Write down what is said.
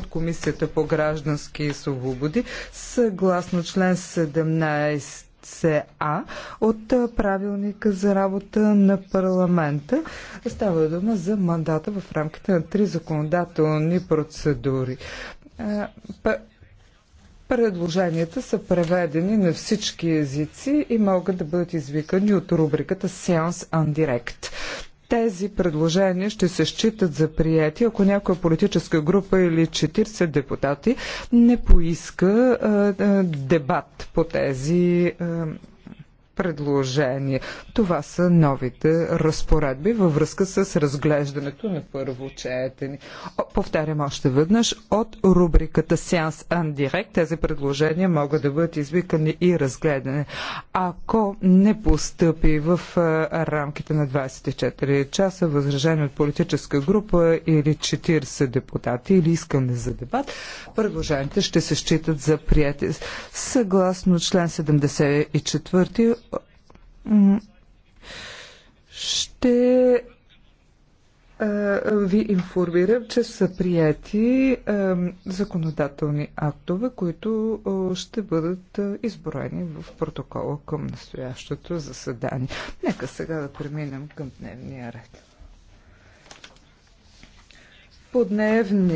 от Комисията по граждански свободи, съгласно член 17 А, от правилника за работа на парламента. Става дума за мандата в рамките на три законодателни процедури. Предложенията са преведени на всички езици и могат да бъдат извикани от рубриката Сеанс Андирект. Тези предложения ще се считат за прияти, ако някоя политическа група или 40 депутати не поиска а, а, дебат по тези а, предложение. Това са новите разпоредби във връзка с разглеждането на първо четене. Повтарям още веднъж, от рубриката Сеанс Ан Директ тези предложения могат да бъдат извикани и разгледани. Ако не постъпи в рамките на 24 часа възражение от политическа група или 40 депутати или искане за дебат, предложенията ще се считат за приятели, Съгласно член 74 ще ви информирам, че са прияти законодателни актове, които ще бъдат изброени в протокола към настоящото заседание. Нека сега да преминем към дневния ред. По дневния